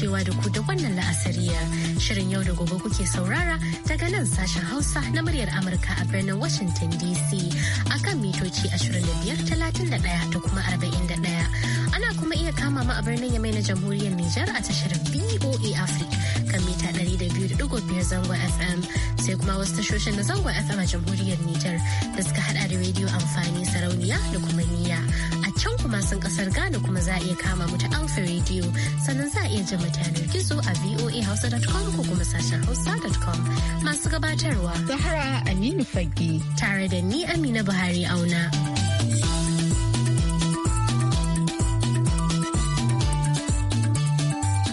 kasancewa da ku da wannan la'asariya. Shirin yau da gobe kuke saurara daga nan sashen Hausa na muryar Amurka a birnin Washington DC akan mitoci 2531 da kuma 41. Ana kuma iya kama mu a birnin Yamai na Jamhuriyar Nijar a tashar BOA Africa. kan mita 200.5 zango FM sai kuma wasu tashoshin na zango FM a jamhuriyar Nijar da suka hada da rediyo amfani sarauniya da kuma niyya. A can kuma sun kasar Ghana kuma za a iya kama mu ta Alpha Radio sannan za a iya jin mutanen gizo a voahausa.com ko kuma sashen hausa.com masu gabatarwa. zahara Aminu fage Tare da ni Amina Buhari Auna.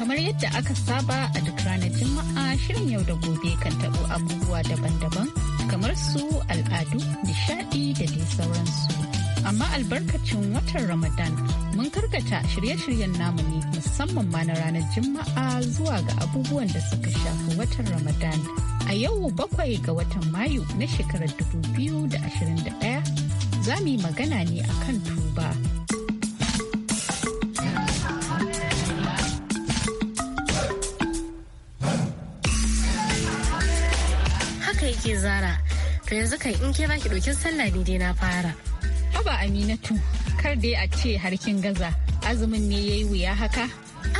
kamar yadda aka saba a shirin yau da gobe kan taɓo abubuwa daban-daban kamar su al'adu, nishaɗi da dai sauransu. Amma albarkacin watan Ramadan mun karkata shirye-shiryen namu ne musamman ma na ranar Juma'a zuwa ga abubuwan da suka shafi watan Ramadan. A yau bakwai ga watan Mayu na shekarar 2021 za mu yi magana ne akan tuba. ke zara to yanzu kai in ke baki dokin sallah ne dai na fara haba aminatu kar dai a ce harkin gaza azumin ne yayi wuya haka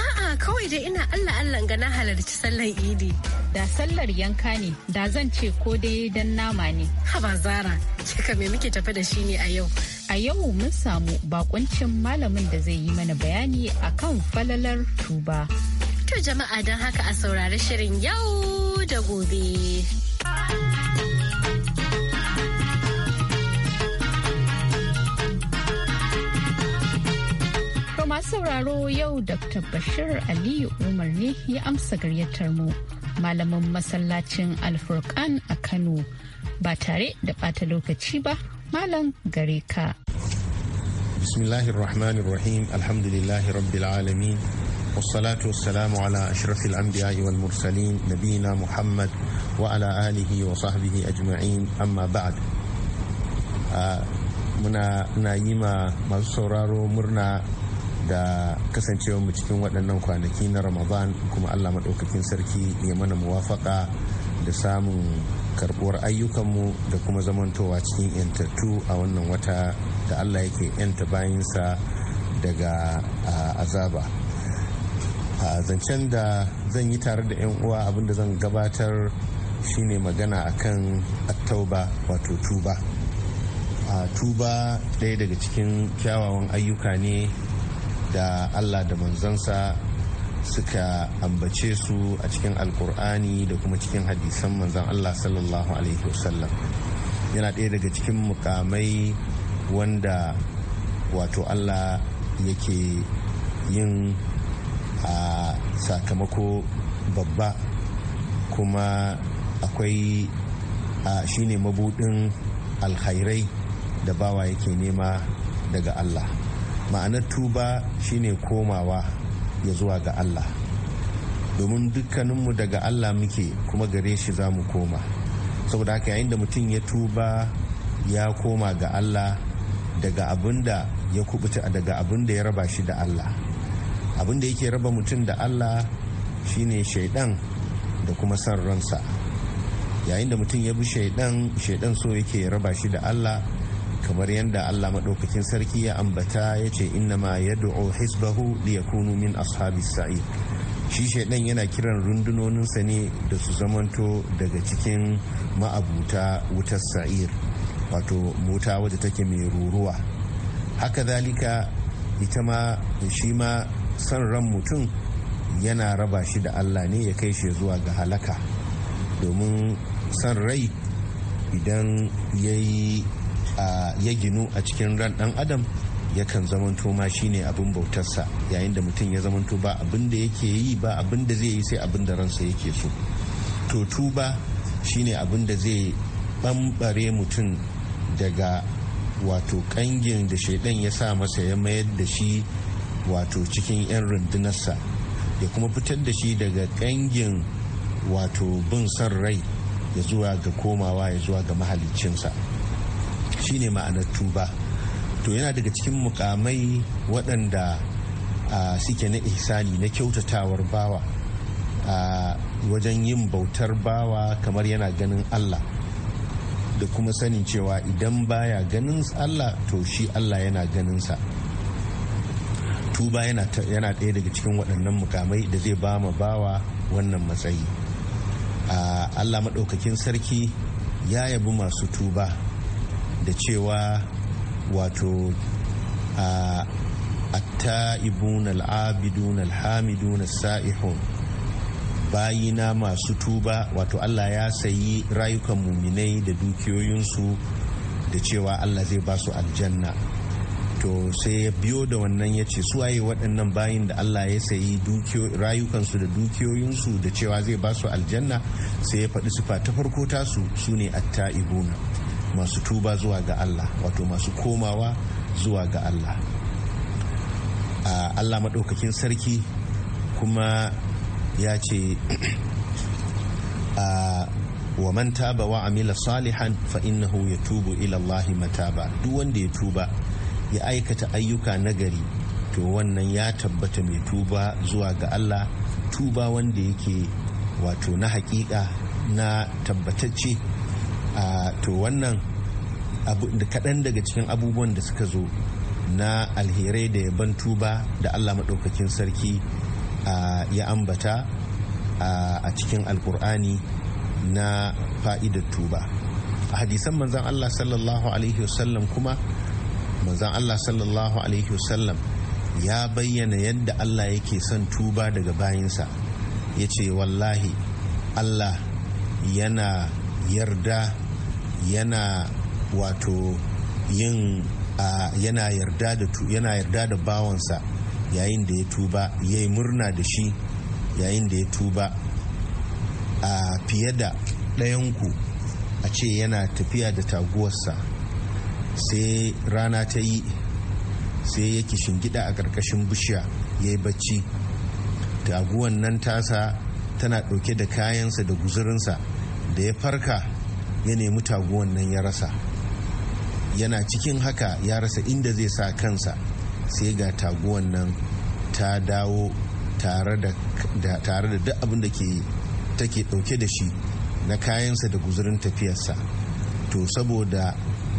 a'a kawai dai ina allah allah ga na halarci sallar idi da sallar yanka ne da zan ce ko dai dan nama ne haba zara kika me muke tafi da shi ne a yau a yau mun samu bakuncin malamin da zai yi mana bayani akan falalar tuba to jama'a don haka a saurari shirin yau da gobe. masu sauraro yau Dr. Bashir Aliyu Umar ne ya amsa gayyatar mu malamin masallacin Alfurkan a Kano ba tare da bata lokaci ba malam gare ka. Bismillahirrahmanirrahim alhamdulillahi rabbil alamin والصلاة والسلام على أشرف الأنبياء والمرسلين نبينا محمد وعلى آله وصحبه أجمعين amma بعد ah, muna na yi ma masu sauraro murna da kasancewa mu cikin waɗannan kwanaki na ramadan kuma allah maɗaukakin sarki ya mana muwafaka da samun karɓuwar ayyukanmu da kuma zamantowa cikin yantattu a wannan wata da allah yake yanta bayansa daga azaba a zancen da zan yi tare da 'yan uwa abinda zan gabatar shine magana a kan attauba wato tuba a tuba ɗaya daga cikin kyawawan ayyuka ne da allah da manzansa suka ambace su a cikin alkur'ani da kuma cikin hadisan manzan allah sallallahu alaihi wasallam yana ɗaya daga cikin mukamai wanda wato allah yake yin a sakamako babba kuma akwai shine mabudin alkhairai da bawa yake nema daga allah ma'anar tuba shine komawa ya zuwa ga allah domin dukkaninmu daga allah muke kuma gare shi za mu koma saboda haka yayin da mutum ya tuba ya koma ga allah daga abin da ya kubuta daga abin da ya raba shi da allah abin da yake raba mutum da allah shine shaidan da kuma san ransa yayin da mutum ya bi shaidan shaidan so yake raba shi da allah kamar yadda Allah maɗaukakin sarki ya ambata ya ce innama ya du'o hisbahu kunu min ashabi sa'i shi shaidan yana kiran rundunoninsa ne da su zamanto daga cikin ma'abuta wutar sa'ir wato mota wadda take mai ruruwa haka zalika ita ma shi ma son ran mutum yana raba shi da Allah ne ya kai shi zuwa ga halaka domin son rai idan ya yi ya ginu a cikin ran dan adam yakan zamanto ma shine abin bautarsa yayin da mutum ya zamanto ba abin da yake yi ba abin da zai yi sai abin da ransa yake so to tuba shine abin da zai bambare mutum daga wato kangin da shaidan ya sa masa ya mayar da shi wato cikin 'yan rundunarsa ya kuma fitar da shi daga kangin wato bin son rai ya zuwa ga komawa ya zuwa ga mahalicinsa shine ma'anar tuba to yana daga cikin mukamai waɗanda suke na ihsani na kyautatawar bawa wajen yin bautar bawa kamar yana ganin allah da kuma sanin cewa idan baya ganin allah to shi allah yana ganinsa tuba yana ɗaya daga cikin waɗannan mukamai da zai ba ma bawa wannan matsayi allah maɗaukakin sarki ya yabi masu tuba da cewa wato ibun al'abidun alhamidun sa'ihun bayina masu tuba wato Allah ya sayi rayukan muminai da dukiyoyinsu da cewa Allah zai ba su aljanna to sai ya biyo da wannan ya ce suwaye waɗannan bayin da Allah ya sayi rayukansu da dukiyoyinsu da cewa zai ba su aljanna sai ya faɗi sifa ta farko tasu su ne atta'ibuna masu tuba zuwa ga Allah wato masu komawa zuwa ga Allah Allah maɗaukakin sarki kuma ya ce wa manta taba wa amila salihan fa innahu tubo ila mata ba duk wanda ya tuba ya aikata ayyuka nagari to wannan ya tabbata mai tuba zuwa ga Allah tuba wanda yake wato na hakika na tabbatacce to wannan kaɗan daga cikin abubuwan da suka zo na alherai da ya yaban tuba da allah maɗaukakin sarki ya ambata a cikin alkur'ani na fa'idar tuba a hadisan manzan allah sallallahu alaihi wasallam kuma manzan allah sallallahu alaihi wasallam ya bayyana yadda allah yake son tuba daga bayansa ya ce wallahi allah yana yarda yana wato yin yana yarda da yana yarda da bawansa yayin da ya tuba ya yi murna da shi yayin da ya tuba a fiye da ɗayanku a ce yana tafiya da taguwarsa sai rana ta yi sai kishin shingida a ƙarƙashin bishiya ya yi bacci taguwan nan tasa tana ɗauke da kayansa da guzurinsa da ya farka ya nemi taguwan nan ya rasa yana cikin haka ya rasa inda zai sa kansa sai ga taguwan nan ta dawo tare da duk abin da take dauke da shi na kayansa da guzurin tafiyarsa to saboda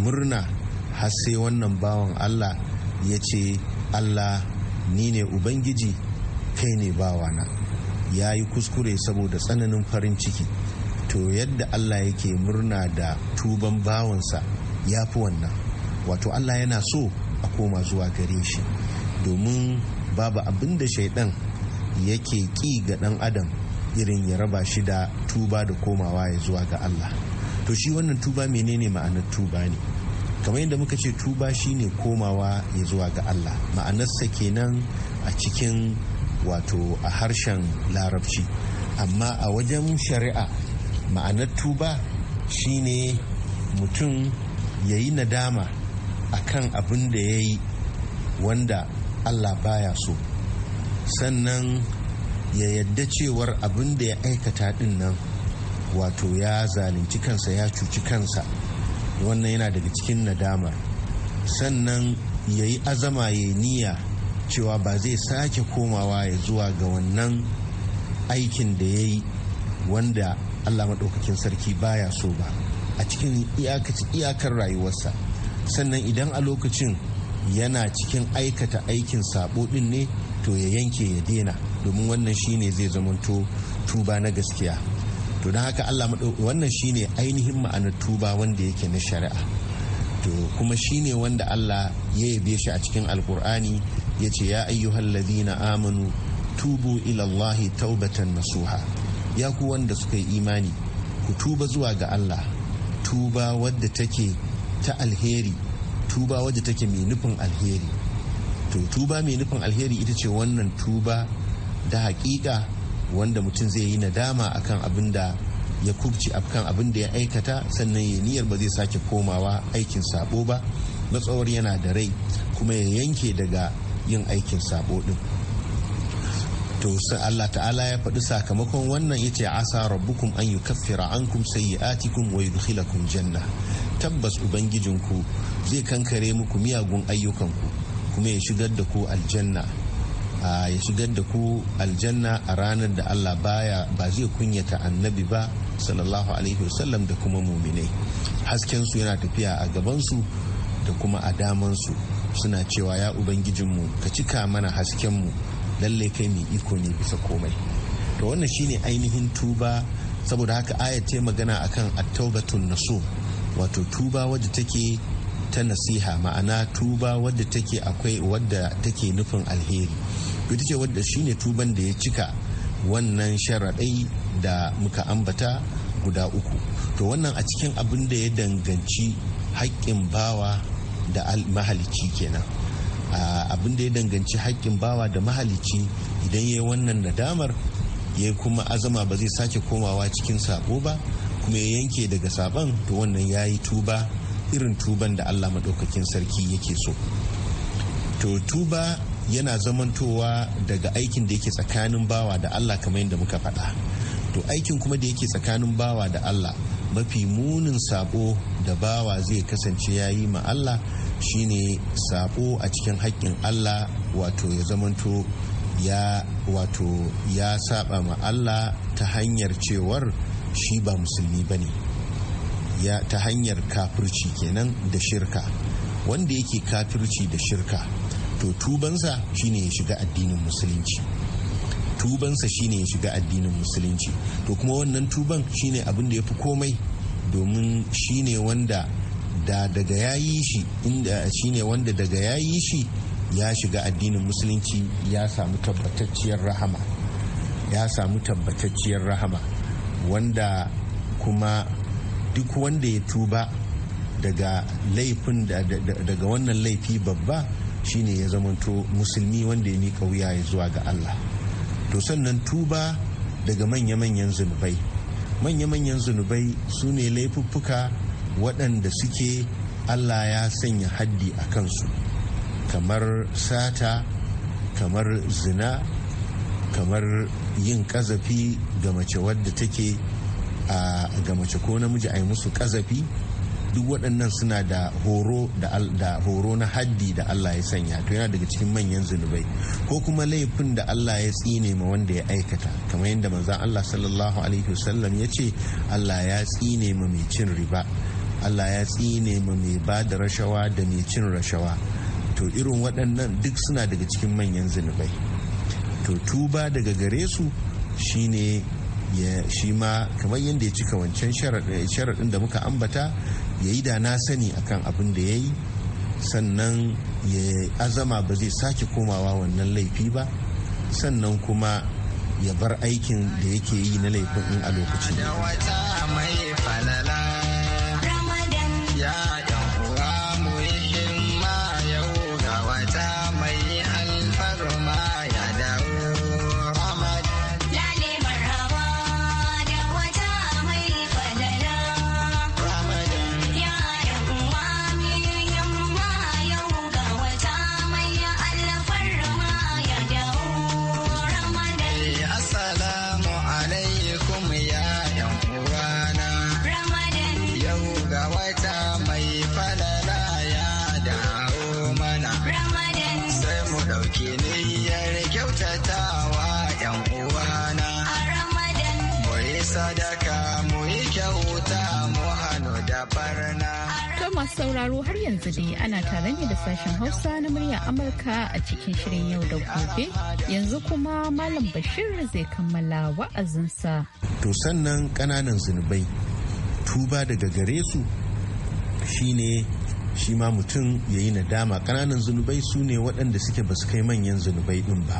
murna har sai wannan bawan allah ya ce allah ni ne ubangiji kai ne bawana ya yi kuskure saboda tsananin farin ciki to yadda allah yake murna da tuban bawansa ya fi wannan wato allah yana so a koma zuwa gare shi domin babu abin da shaidan yake ƙi ga ɗan adam irin ya raba shi da tuba da komawa ya zuwa ga allah to shi wannan tuba menene ma'anar tuba ne kamar yadda muka ce tuba shine komawa ya zuwa ga allah ma'anarsa kenan a cikin wato a harshen larabci amma a wajen shari'a ma'anar tuba shine mutum ya yi nadama a kan abin da ya yi wanda allah baya so sannan ya yadda cewar abin da ya aikata din nan wato ya zalunci kansa ya cuci kansa wannan yana daga cikin nadamar sannan ya yi azama ya niyya cewa ba zai sake komawa ya zuwa ga wannan aikin da ya yi wanda allah maɗaukakin sarki baya so ba a cikin iyakar rayuwarsa sannan idan a lokacin yana cikin aikata aikin sabo ɗin ne to ya yanke ya dena domin wannan shine zai zamanto tuba na gaskiya to don haka allah wannan shine ainihin ma'anar tuba wanda yake na shari'a to kuma shine wanda allah ya yabe shi a cikin alkur'ani ya ce ya ayyuhal na amanu tubu ilallahi taubatan nasuha ya ku wanda suka yi imani ku tuba zuwa ga Allah tuba wadda take ta alheri tuba wadda take mai nufin alheri to tuba mai nufin alheri ita ce wannan tuba da hakika wanda mutum zai yi nadama akan abin da ya kubci akan abin da ya aikata sannan ya niyyar ba zai sake komawa aikin sabo ba matsawar yana da rai kuma ya yanke daga yin aikin sabo din to sai Allah ta'ala ya faɗi sakamakon wannan yace asa rabbukum an yukaffira ankum sayyi'atikum wa yudkhilakum janna tabbas ubangijinku zai kankare muku miyagun ayyukanku kuma ya shigar da ku aljanna ya shigar da ku aljanna a ranar da Allah baya ba zai kunyata annabi ba sallallahu alaihi wasallam da kuma muminai hasken su yana tafiya a gaban su da kuma a daman su suna cewa ya ubangijinmu ka cika mana hasken mu lallai kai mai iko ne bisa komai to wannan shine ainihin tuba saboda haka ayat ta magana akan at-taubatun nasu wato tuba wadda take ta nasiha ma'ana tuba wadda take akwai wadda take nufin alheri ita ce wadda shine tuban da ya cika wannan sharaɗai da muka ambata guda uku to wannan a cikin abin da ya danganci haƙƙin bawa da mahalici kenan abin da ya danganci haƙƙin bawa da mahalici idan ya yi wannan nadamar ya kuma azama ba zai sake komawa cikin sabo ba kuma ya yanke daga sabon to wannan ya yi tuba irin tuban da allah maɗaukakin sarki yake so to tuba yana zamantowa daga aikin da yake tsakanin bawa da allah kamar yadda muka faɗa to aikin kuma da yake tsakanin bawa da allah mafi munin sabo da bawa zai kasance ya yi ma allah shine sabo a cikin haƙƙin allah wato ya zamanto ya wato ya saba ma allah ta hanyar cewar shi ba musulmi ba ne ta hanyar kafirci kenan da shirka wanda yake kafirci da shirka to tubansa shine ya shiga addinin musulunci tubansa shine ya shiga addinin musulunci to kuma wannan tuban shine abin da ya fi komai domin shine wanda da daga ya yi shi inda ne wanda daga ya yi shi ya shiga addinin musulunci ya samu tabbatacciyar rahama ya samu tabbatacciyar rahama wanda kuma duk wanda ya tuba daga laifin daga wannan laifi babba shine ya zamanto musulmi wanda ya miƙa wuya ya zuwa ga Allah to sannan tuba daga manya-manyan zunubai manya-manyan zunubai su ne laifuffuka waɗanda suke allah ya sanya haddi a kansu kamar sata kamar zina kamar yin kazafi ga mace wadda take ga mace ko namiji a yi musu ƙazafi duk waɗannan suna da horo da horo na haddi da Allah ya sanya to yana daga cikin manyan zunubai ko kuma laifin da Allah ya tsine ma wanda ya aikata kamar yadda manzon Allah sallallahu alaihi wasallam ya ce Allah ya tsine ma mai cin riba allah ya tsine ma mai ba da rashawa da mai cin rashawa to irin waɗannan duk suna daga cikin manyan zunubai to tuba daga gare su shine shi ma kamar yadda ya cika wancan sharaɗin da muka ambata ya yi da na sani akan abin da ya yi sannan ya azama ba zai sake komawa wannan laifi ba sannan kuma ya bar aikin da yake yi na laifin in a lokaci. masu sauraro har yanzu dai ana tare ne da sashen Hausa na muryar Amurka a cikin shirin yau da gobe. Yanzu kuma Malam Bashir zai kammala wa'azinsa. To sannan kananan zunubai tuba daga gare su shine shi ma mutum ya yi nadama kananan zunubai su ne waɗanda suke ba su kai manyan zunubai ɗin ba.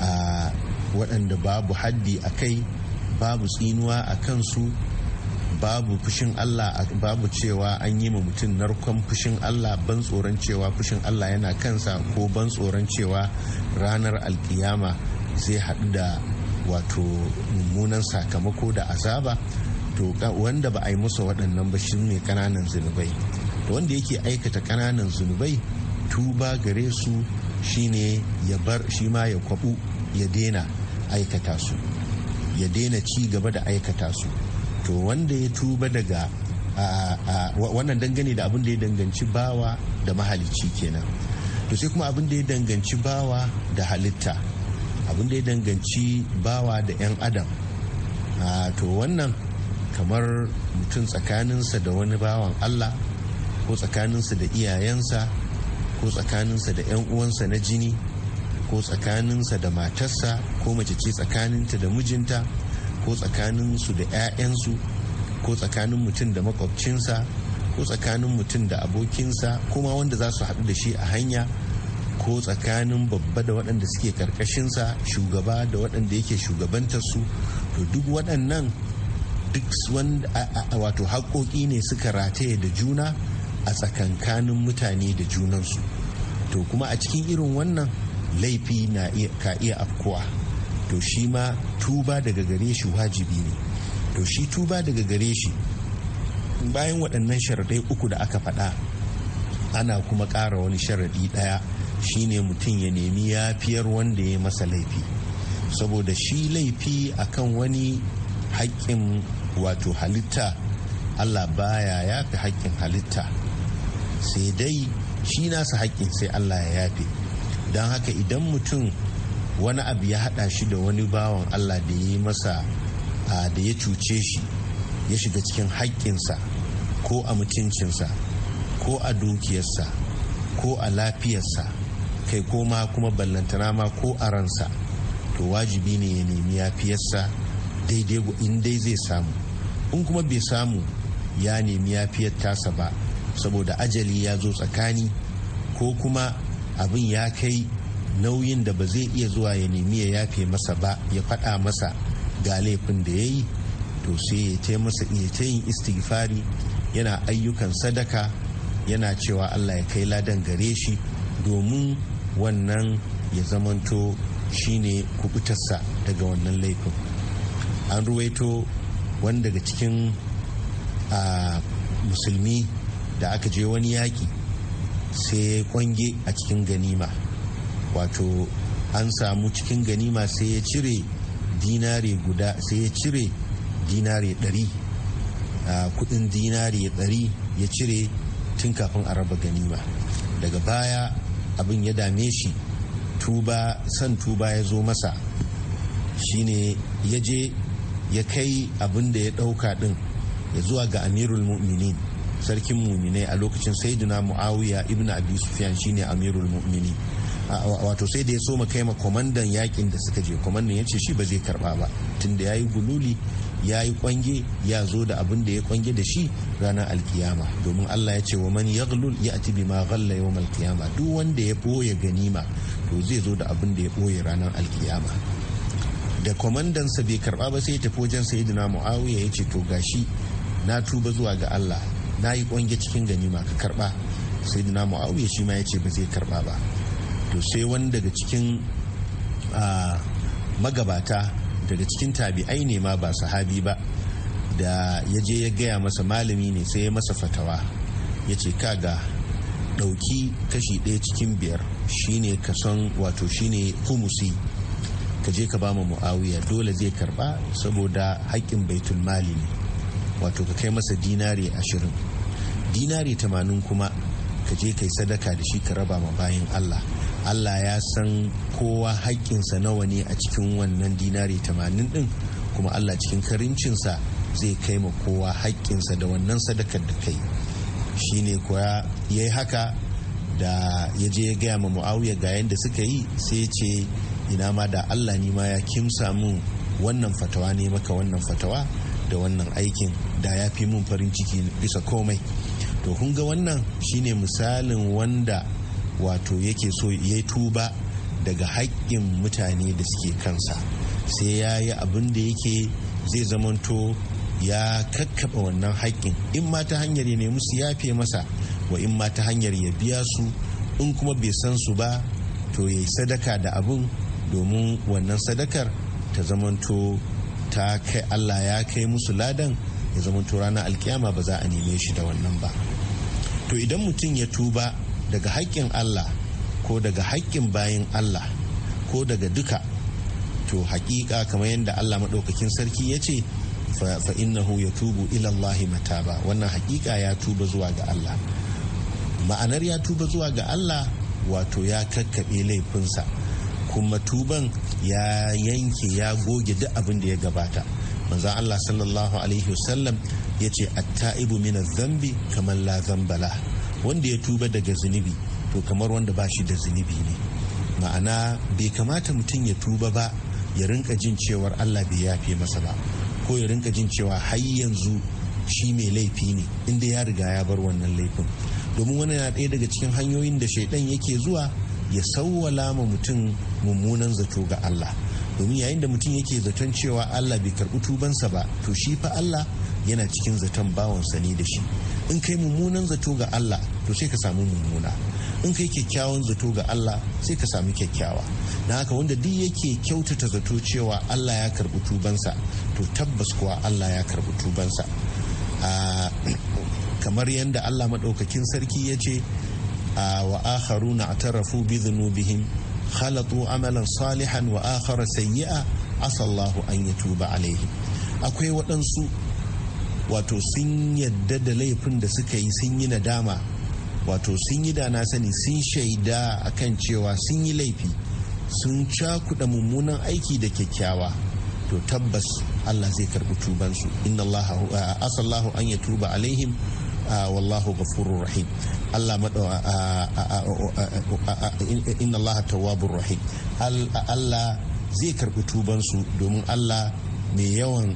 Ah, waɗanda babu haddi a kai babu tsinuwa a kansu babu fushin Allah babu cewa an yi ma mutum narkon fushin Allah ban tsoron cewa fushin Allah yana kansa ko ban tsoron cewa ranar alkiyama zai haɗu da wato mummunan sakamako da azaba to wanda ba a yi musu waɗannan ba shi ne ƙananan zunubai to wanda yake aikata ƙananan zunubai tuba gare su shine ya bar shi ma ya kwabu ya daina aikata su ya daina ci gaba da aikata su to wanda ya tuba daga wannan dangane da abin da ya danganci bawa da mahalicci kenan to sai kuma abin da ya danganci bawa da halitta abin da ya danganci bawa da 'yan adam to wannan kamar mutum tsakaninsa da wani bawan allah ko tsakaninsa da iyayensa ko tsakaninsa da 'yan uwansa na jini ko tsakaninsa da matarsa ko mace ce tsakaninta da mijinta ko tsakanin su da 'ya'yansu ko tsakanin mutum da makwabcinsa ko tsakanin mutum da abokinsa kuma wanda za su haɗu da shi a hanya ko tsakanin babba da waɗanda suke karkashinsa shugaba da waɗanda yake shugabantarsu to duk waɗannan duk wato haƙoƙi ne suka rataye da juna a tsakankanin mutane da junansu to kuma a cikin irin wannan laifi na ka iya afkuwa to shi ma tuba daga gare shi wajibi ne to shi tuba daga gare shi bayan waɗannan sharaɗai uku da aka faɗa ana kuma ƙara wani sharaɗi ɗaya shine mutum ya nemi yafiyar wanda ya masa laifi saboda shi laifi akan wani haƙƙin wato halitta allah baya yafe haƙƙin halitta sai dai shi nasa haƙƙin sai allah ya yafe don haka idan mutum wani abu ya haɗa shi da wani bawan allah da ya yi masa da ya cuce shi ya shiga cikin haƙƙinsa ko a mutuncinsa ko a dukiyarsa ko a lafiyarsa kai ko ma kuma ballantana ma ko a ransa to wajibi ne ya nemi yafiyarsa daidai in dai zai samu in kuma bai samu ya nemi yafiyar tasa ba saboda ajali ya zo tsakani ko kuma abin ya kai nauyin da ba zai iya zuwa ya nemi ya yafe masa ba ya faɗa masa ga laifin da ya yi to sai ya ce masa iya ce yin istighfari yana ayyukan sadaka yana cewa allah ya kai ladan gare shi domin wannan ya zamanto shine kubutarsa daga wannan laifin an ruwaito wani daga cikin musulmi da aka je wani yaƙi sai ya kwange a cikin ganima wato an samu cikin ganima sai ya cire dinare guda sai ya cire dinari ɗari kudin dinare ɗari ya cire tun kafin a raba ganima daga baya abin ya dame shi tuba san tuba ya zo masa shine ya je ya kai abin da ya ɗauka ɗin ya zuwa ga amirul mu'minin sarkin muminai a lokacin sayyidina muawiya ibn abi sufyan shine amirul mu'minin wato sai da ya so kai ma kwamandan yakin da suka je kwamandan ya ce shi ba zai karba ba tunda ya yi gululi ya yi kwange ya zo da abin da ya kwange da shi ranar alkiyama domin allah ya ce wa man yaghlul ya ati ma ghalla yawm alkiyama duk wanda ya boye ganima to zai zo da abin da ya boye ranar alkiyama da kwamandansa bai karba ba sai ya tafi wajen sayyidina muawiya ya ce to gashi na tuba zuwa ga allah na yi kwange cikin ganima ka karba sayyidina muawiya shi ma ya ce ba zai karba ba to sai wani daga cikin magabata daga cikin tabi'ai ne ma ba sahabi ba da ya je ya gaya masa malami ne sai ya masa fatawa ya ce kaga ɗauki kashi ɗaya cikin biyar ka son wato shine humusi ka je ka bama mu'awiya dole zai karba saboda haƙƙin baitul mali ne wato ka kai masa dinari ashirin dinari tamanin kuma ka je kai sadaka da shi ka raba ma bayan Allah Allah ya san kowa haƙƙinsa nawa ne a cikin wannan dinari tamanin ɗin kuma Allah cikin karincinsa zai kai ma kowa haƙƙinsa da wannan sadakar da kai shi ne kuwa ya yi haka da ya je ya gaya ma mu'awiyar ga yadda suka yi sai ya ce ina ma da Allah ni ma ya kimsa mun wannan fatawa ne maka wannan fatawa da wannan aikin da ya fi mun farin ciki bisa komai to kun ga wannan shine misalin wanda wato yake so ya tuba daga haƙƙin mutane da suke kansa sai ya yi abin da yake zai zamanto ya kakkaɓa wannan haƙƙin in ma ta hanyar ya nemi su yafe masa wa in ma ta hanyar ya biya su in kuma bai san su ba to ya yi sadaka da abin domin wannan sadakar ta zamanto ta kai allah ya kai musu ladan ya zamanto ranar alkiyama ba za a neme shi da wannan ba. to idan mutum ya tuba daga haƙƙin allah ko daga haƙƙin bayan allah ko daga duka to haƙiƙa kamar yadda allah maɗaukakin sarki ya ce fa'innahu ya tubu ilallahi mataba wannan haƙiƙa ya tuba zuwa ga allah ma'anar ya tuba zuwa ga allah wato ya kakkaɓe laifinsa kuma tuban ya yanke ya goge duk abin da ya gabata manzan allah sallallahu alaihi wasallam ya ce atta'ibu mina zambi kamar la zambala wanda ya tuba daga zunubi to kamar wanda ba shi da zunubi ne ma'ana bai kamata mutum ya tuba ba ya rinka jin cewar allah bai yafe masa ba ko ya rinka jin cewa har yanzu shi mai laifi ne inda ya riga ya bar wannan laifin domin wani na ɗaya daga cikin hanyoyin da shaidan yake zuwa ya sauwala ma mutum mummunan zato ga allah domin yayin da mutum yake zaton cewa allah bai karɓi tubansa ba to shi fa allah yana cikin zaton bawansa ne da shi in kai mummunan zato ga Allah to sai ka samu mummuna in kai kyakkyawan zato ga Allah sai ka samu kyakkyawa na haka wanda duk yake kyautata zato cewa Allah ya karbi tubansa to tabbas kuwa Allah ya karbi tubansa ah, kamar yadda Allah maɗaukakin sarki ya ce ah, wa na tarrafu bi zunubihim khalatu amalan salihan wa akhara sayyi'a asallahu an tuba alaihim akwai waɗansu wato sun yadda da laifin da suka yi sun yi nadama wato sun yi da na sani sun shaida a kan cewa sun yi laifi sun cakuɗa mummunan aiki da kyakkyawa to tabbas Allah zai karɓi tubansu inna Allah asallahu an ya tuba alaihim wallahu gafurur rahim Allah inna Allah tawabur rahim Allah zai karɓi tubansu domin Allah mai yawan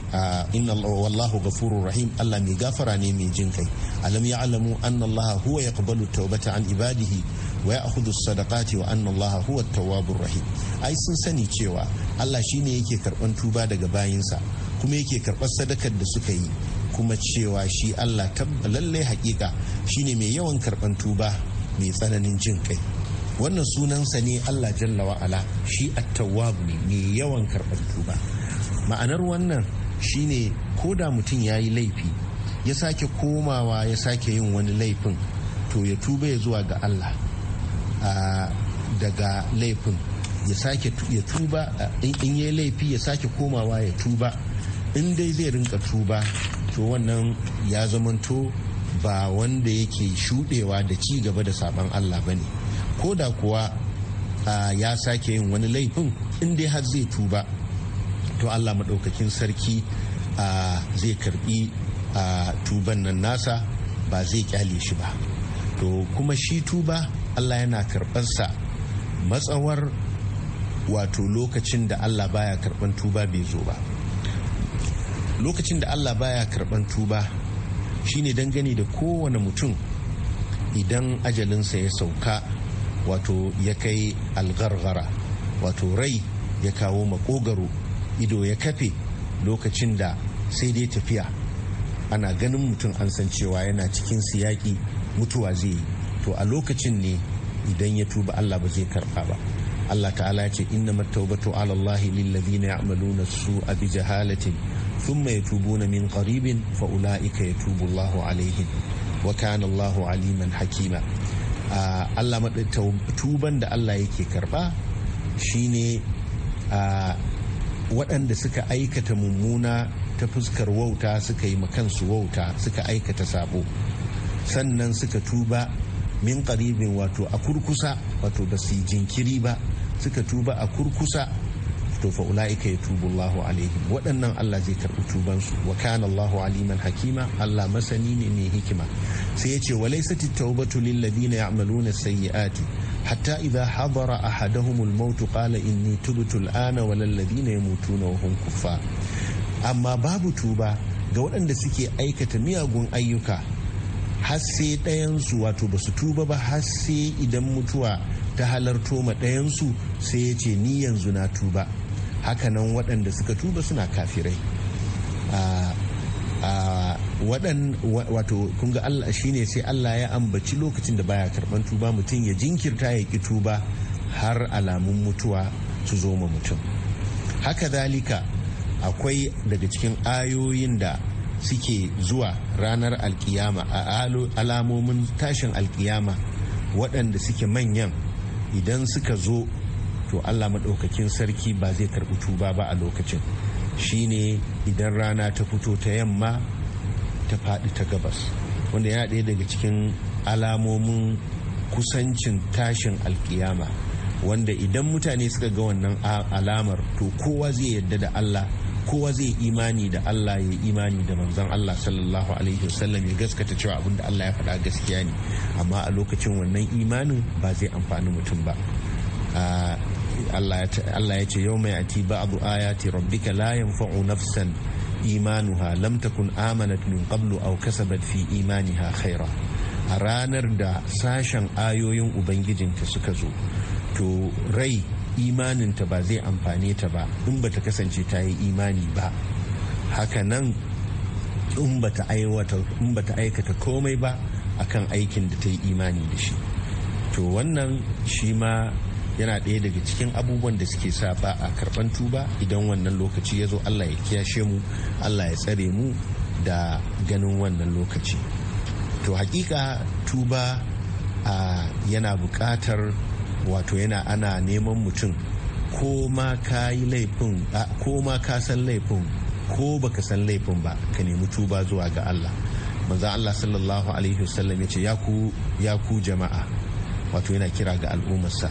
inna wallahu gafurur rahim Allah mai gafara ne mai jin kai alam alamu anna Allah huwa yaqbalu tawbata an ibadihi wa ya'khudhu sadaqati wa anna Allah huwa tawwabur rahim ai sun sani cewa Allah shine yake karban tuba daga bayinsa kuma yake karɓar sadakar da suka yi kuma cewa shi Allah lallai hakika shine mai yawan karɓan tuba mai tsananin jin kai wannan sunansa ne Allah jalla ala shi at-tawwab ne mai yawan karɓar tuba ma'anar wannan shine ko da mutum ya yi laifi ya sake komawa ya sake yin wani laifin to ya tuba ya zuwa ga allah daga laifin ya sake ya tuba in ya yi laifi ya sake komawa ya tuba in dai zai rinka tuba to wannan ya zamanto ba wanda yake shudewa da ci gaba da saban allah ba ne ko da kuwa ya sake yin wani laifin in dai har zai tuba to allah maɗaukakin sarki zai karbi tuban nan nasa ba zai kyale shi ba to kuma shi tuba allah yana karɓarsa matsawar wato lokacin da allah baya karɓan tuba bai zo ba lokacin da allah baya karɓan tuba shine dangane da kowane mutum idan ajalinsa ya sauka wato ya kai algargara wato rai ya kawo makogaro ido ya kafe lokacin da sai dai tafiya ana ganin mutum an san cewa yana cikin siyaki mutuwa zai yi to a lokacin ne idan ya tuba allah ba zai karɓa ba allah ta'ala ya ce inna mattaubatu ala allahi lillazina ya'maluna su'a bi jahalatin thumma yatubuna min qaribin fa ulaika yatubu allahu alaihim wa kana allahu aliman hakima Allah tuban da Allah yake karɓa shine waɗanda suka aikata mummuna ta fuskar wauta suka yi kansu wauta suka aikata sabo sannan suka tuba min karibin wato a kurkusa wato ba su yi jinkiri ba suka tuba a kurkusa to fa ulaika tubu Allahu alaihim waɗannan Allah zai karɓi tubansu wa kana Allahu aliman hakima Allah masani ne mai hikima sai ya ce wa laysat at-taubatu lil ladina ya'maluna sayyi'ati hatta idza hadara a al-maut qala inni tubtu al-ana wal ladina yamutuna wa hum kuffar amma babu tuba ga waɗanda suke aikata miyagun ayyuka har sai ɗayansu wato ba su tuba ba har sai idan mutuwa ta halarto ma ɗayansu sai ya ce ni yanzu na tuba hakanan waɗanda suka tuba suna kafirai ah, ah, waɗan wato kun ga Allah shine sai Allah ya ambaci lokacin da baya karban tuba mutum ya jinkirta ya ƙi tuba har alamun mutuwa su zo ma mutum haka zalika akwai daga cikin ayoyin da suke zuwa ranar alkiyama a alamomin tashin alkiyama waɗanda suke manyan idan suka zo to allah maɗaukakin sarki ba zai karɓi tuba ba a lokacin shine idan rana ta fito ta yamma ta faɗi ta gabas wanda yana ɗaya daga cikin alamomin kusancin tashin alkiyama wanda idan mutane suka ga wannan alamar to kowa zai yadda da Allah kowa zai imani da Allah ya imani da manzon Allah sallallahu alaihi wasallam ya gaskata cewa abinda Allah ya faɗa gaskiya ne amma a lokacin wannan imanin ba zai amfani mutum ba Allah ya ce yau mai ati ba'adu ayati rabbika la yanfa'u nafsan imanuha lam takun amanat min qablu aw kasabat fi imaniha khaira a ranar da sashen ayoyin ubangijinta suka zo to rai imaninta ba zai amfane ta ba in bata kasance ta yi imani ba haka nan in bata aikata komai ba akan aikin da ta yi imani da shi to wannan shi ma yana ɗaya daga cikin abubuwan da suke sa ba a karɓan tuba idan wannan lokaci ya zo allah ya kiyashe mu allah ya tsare mu da ganin wannan lokaci to hakika tuba a yana buƙatar wato yana ana neman mutum ko ma ka yi laifin ko ma ka san laifin baka san laifin ba ka nemi tuba zuwa ga Allah manzo Allah sallallahu alaihi wasallam ya ce ya ku jama'a wato yana kira ga al'ummarsa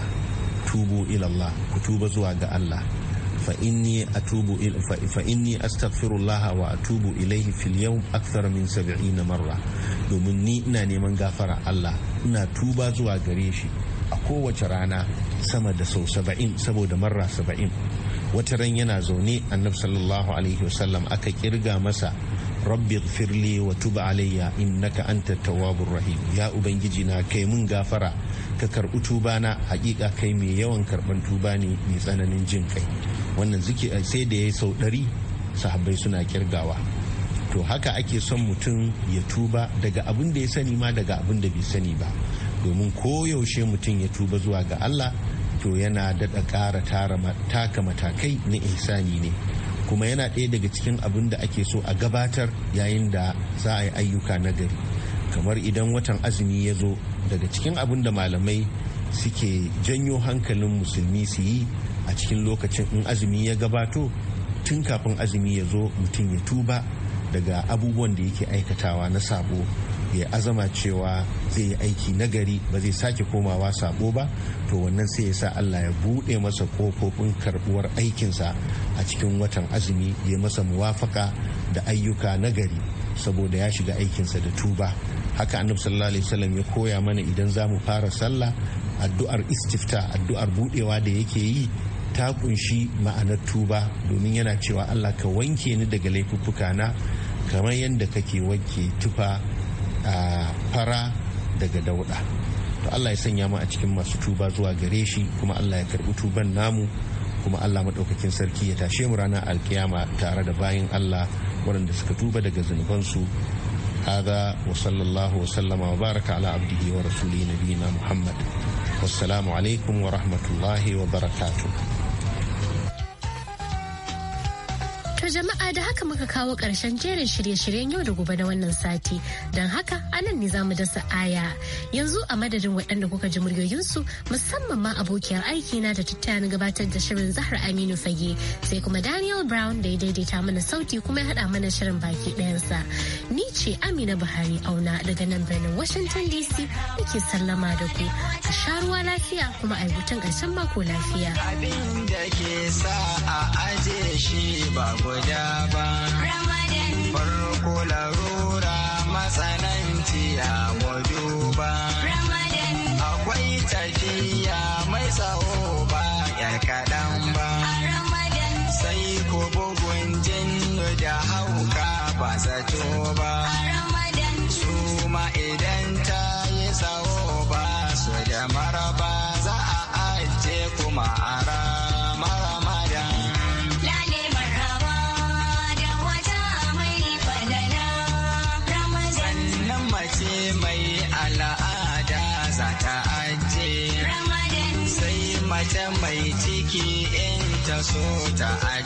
tubu ilallah ku tuba zuwa ga Allah fa inni atubu fa inni astaghfirullah wa atubu ilaihi fil yawm akthar min 70 marra domin ni ina neman gafara Allah ina tuba zuwa gare shi a kowace rana sama da sau 70 saboda marra 70 wata ran yana zaune annabi sallallahu alaihi wasallam aka kirga masa rabbi firli wa tuba alayya innaka anta tawwabur rahim ya ubangiji na kai mun gafara ka karɓi tuba na hakika kai mai yawan karban tuba ne mai tsananin jin kai wannan zuke sai da ya sau ɗari sahabbai suna kirgawa to haka ake son mutum ya tuba daga abin da ya sani ma daga abin da bai sani ba domin koyaushe mutum ya tuba zuwa ga Allah to yana daɗa ƙara taka matakai na ihsani ne kuma yana ɗaya daga cikin abin da ake so a gabatar yayin da za a yi ayyuka na gari kamar idan watan azumi ya zo daga cikin abin da malamai suke janyo hankalin musulmi su yi a cikin lokacin in azumi ya gabato tun kafin azumi ya zo mutum ya tuba daga abubuwan da yake aikatawa na sabo ya azama cewa zai yi aiki nagari ba zai sake komawa sabo ba to wannan sai ya sa allah ya buɗe masa kofofin karbuwar aikinsa a cikin watan azumi ya masa muwafaka da ayyuka nagari saboda ya shiga aikinsa da tuba haka annabi sallallahu alaihi wasallam ya koya mana idan za mu fara sallah addu'ar istifta addu'ar budewa da yake yi ta kunshi ma'anar tuba domin yana cewa Allah ka wanke ni daga laifuffuka na kamar yadda kake wanke tufa a fara daga dauda to Allah ya sanya mu a cikin masu tuba zuwa gare shi kuma Allah ya karbi tuban namu kuma Allah madaukakin sarki ya tashe mu ranar alkiyama tare da bayin Allah waɗanda suka tuba daga zunubansu sallama wa baraka ala abdihi wa عبده nabiyina muhammad wassalamu alaikum wa rahmatullahi wa barakatuh To jama'a da haka muka kawo ƙarshen jerin shirye-shiryen yau da gobe na wannan sati. Don haka anan ne zamu dasa aya. Yanzu a madadin waɗanda kuka ji muryoyinsu musamman ma abokiyar aiki na da tattaya gabatar da shirin Zahra Aminu Fage sai kuma Daniel Brown da ya daidaita mana sauti kuma ya haɗa mana shirin baki ɗayansa. Ni ce Amina Buhari auna daga nan birnin Washington DC nake sallama da ku. A sha ruwa lafiya kuma a hutun ƙarshen mako lafiya. Abin da ke sa a aje shi ba guda ba farko larura matsananci ya gudu ba akwai tafiya mai tsawo ba yar kaɗan sai ku bugun jinnu da hauka ba zato ba so ta